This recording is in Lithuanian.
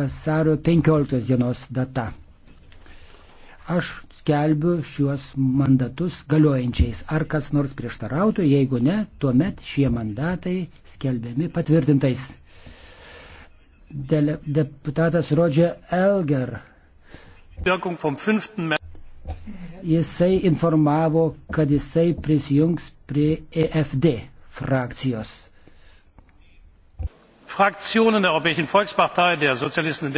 vasario 15 dienos data. Aš skelbiu šiuos mandatus galiojančiais. Ar kas nors prieštarautų, jeigu ne, tuomet šie mandatai skelbiami patvirtintais. Dele, deputatas Rodžia Elger. Jisai informavo, kad jisai prisijungs prie EFD frakcijos fraktionen der europäischen volkspartei der sozialisten